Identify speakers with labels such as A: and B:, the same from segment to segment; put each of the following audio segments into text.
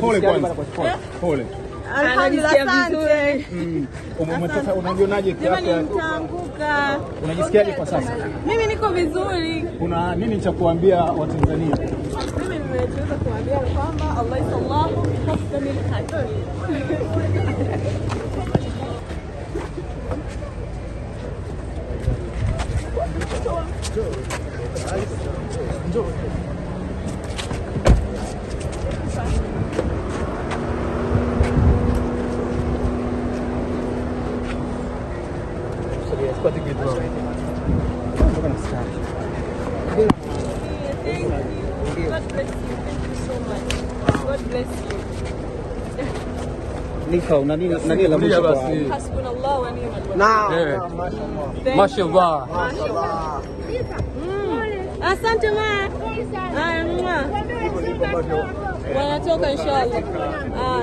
A: Pole kwanza. Pole. Alhamdulillah, asante. Mm. Um, Unajionaje Unajisikiaje kwa sasa? Mimi niko vizuri. Kuna nini cha kuambia Watanzania? Mimi nimeweza kuambia kwamba Allah sallahu hasbunil hakim. Chukua tiketi bro. Kutoka na sitaki. Nifa una nini una nini la mwisho kwa? Hasbunallahu wa ni'mal wakeel. Naam. Mashallah. Mashallah. Asante ma. Ah, Wanatoka inshallah. Ah.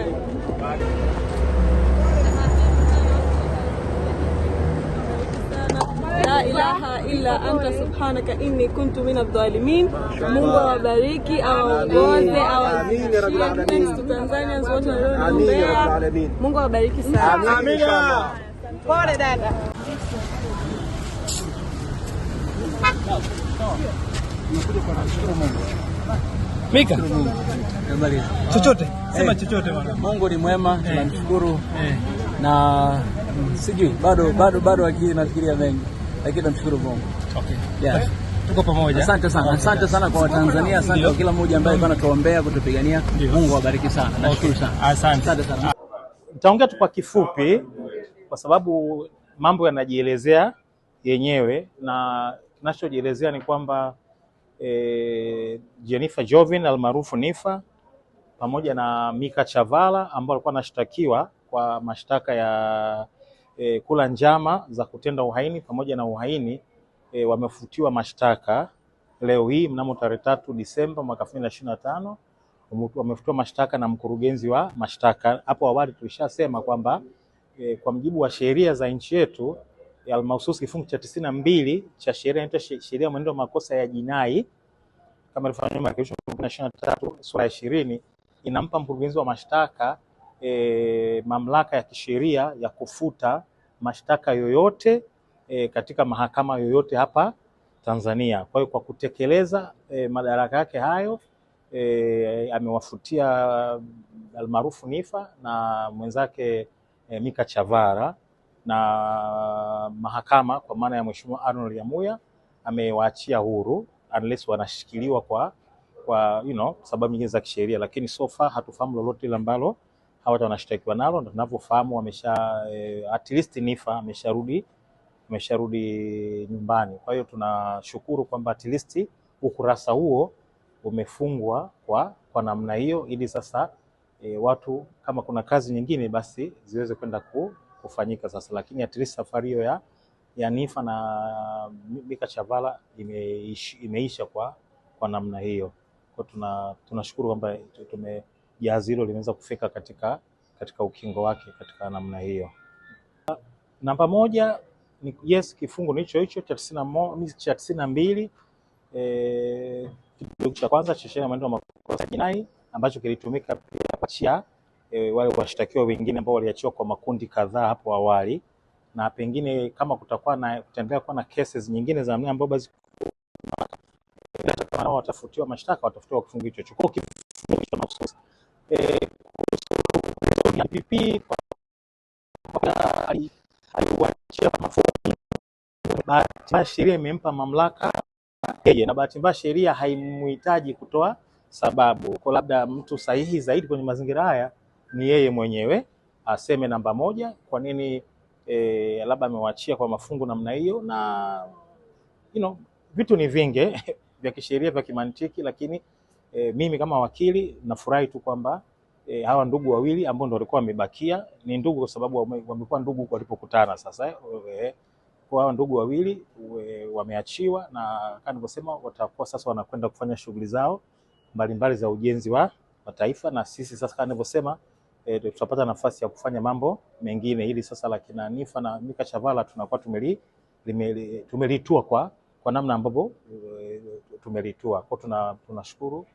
A: ilaha illa anta subhanaka inni kuntu min adh dhalimin. Mungu awabariki, awaongoze, awazidishie Tanzanians wote waliombea. Mungu awabariki sana. Amina. Pole dada. Mika, chochote sema eh. chochote. bwana. Mungu ni mwema, eh. tunamshukuru eh. na mm, sijui bado bado bado akili nafikiria mengi lakini tunamshukuru Mungu. Okay. Yeah. Tuko pamoja. Asante sana. Okay. Asante sana kwa Watanzania, asante kwa kila mmoja ambaye alikuwa anatuombea kutupigania. Mungu awabariki sana. Nashukuru sana. Asante. Asante sana. Nitaongea tu kwa kifupi kwa sababu mambo yanajielezea yenyewe na kinachojielezea ni kwamba e, Jennifer Jovin almaarufu Nifa pamoja na Mika Chavala ambao alikuwa anashtakiwa kwa mashtaka ya e, kula njama za kutenda uhaini pamoja na uhaini e, wamefutiwa mashtaka leo hii mnamo tarehe tatu Disemba mwaka 2025 wamefutiwa mashtaka na mkurugenzi wa mashtaka. Hapo awali tulishasema kwamba e, kwa mjibu wa sheria za nchi yetu e, almahususi kifungu cha tisini na mbili cha sheria inaitwa sheria mwenendo wa makosa ya jinai kama ilivyofanywa marekebisho ishirini na tatu sura ya ishirini inampa mkurugenzi wa mashtaka e, mamlaka ya kisheria ya kufuta mashtaka yoyote e, katika mahakama yoyote hapa Tanzania. Kwa hiyo kwa kutekeleza e, madaraka yake hayo e, amewafutia almaarufu Niffer na mwenzake e, Mika Chavara na mahakama kwa maana ya Mheshimiwa Arnold Yamuya amewaachia huru unless wanashikiliwa kwa, kwa you know, sababu nyingine za kisheria, lakini so far hatufahamu lolote lile ambalo hawata wanashtakiwa nalo, na tunavyofahamu wamesha e, at least Nifa amesharudi amesharudi nyumbani. Kwa hiyo tunashukuru kwamba at least ukurasa huo umefungwa kwa, kwa namna hiyo, ili sasa e, watu kama kuna kazi nyingine basi ziweze kwenda ku, kufanyika sasa, lakini at least safari hiyo ya, ya Nifa na Mika Chavala imeish, imeisha kwa, kwa namna hiyo. Kwa tunashukuru tuna kwamba tume jahazi hilo limeweza kufika katika, katika ukingo wake katika namna hiyo. Namba moja ni yes, kifungu ni hicho hicho cha tisini na mbili eh, kidogo cha kwanza cha sheria ya mwenendo wa makosa jinai ambacho kilitumika pia kuachia e, wale washtakiwa wengine ambao waliachiwa kwa makundi kadhaa hapo awali, na pengine kama kutakuwa na kutembea kuwa na cases nyingine za namna ambayo basi watafutiwa mashtaka watafutiwa kifungu hicho. Chukua kifungu cha makosa kuhusu aliuachia Bahati mbaya sheria imempa mamlaka yeye, na bahati mbaya sheria haimuhitaji kutoa sababu. Kwa labda mtu sahihi zaidi kwenye mazingira haya ni yeye mwenyewe aseme namba moja, kwa nini e, labda amewachia kwa mafungu namna hiyo, na you know, vitu ni vingi vya kisheria vya kimantiki, lakini E, mimi kama wakili nafurahi tu kwamba e, hawa ndugu wawili ambao ndio walikuwa wamebakia ni ndugu kwa sababu wamekuwa ndugu walipokutana sasa e, kwa hawa ndugu wawili e, wameachiwa na kama nilivyosema, watakuwa sasa wanakwenda kufanya shughuli zao mbalimbali mbali za ujenzi wa, wa taifa, na sisi sasa kama nilivyosema e, tutapata nafasi ya kufanya mambo mengine. Hili sasa la kina Nifa na Mika Chavala tunakuwa tumeli tumelitua kwa, kwa namna ambavyo e, tumelitua kwa, tunashukuru tuna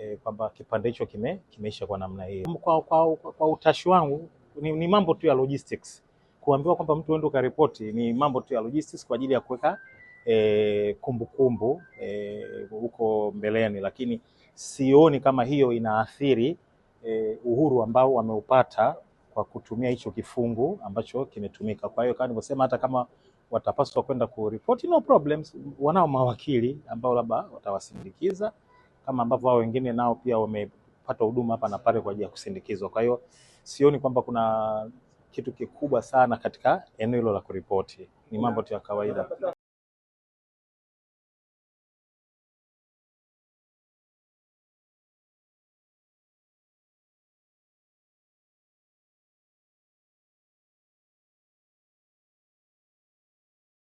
A: e, kwamba kipande hicho kime, kimeisha kwa namna hiyo. Kwa, kwa, kwa, kwa utashi wangu ni, ni mambo tu ya logistics. Kuambiwa kwamba mtu aende ukaripoti ni mambo tu ya logistics kwa ajili ya kuweka e, kumbukumbu eh, huko e, mbeleni, lakini sioni kama hiyo inaathiri e, uhuru ambao wameupata kwa kutumia hicho kifungu ambacho kimetumika. Kwa hiyo kama nilivyosema, hata kama watapaswa kwenda kuripoti, no problems, wanao mawakili ambao labda watawasindikiza kama ambavyo wao wengine nao pia wamepata huduma hapa na pale kwa ajili ya kusindikizwa. Kwa hiyo sioni kwamba kuna kitu kikubwa sana katika eneo hilo la kuripoti, ni mambo tu ya kawaida.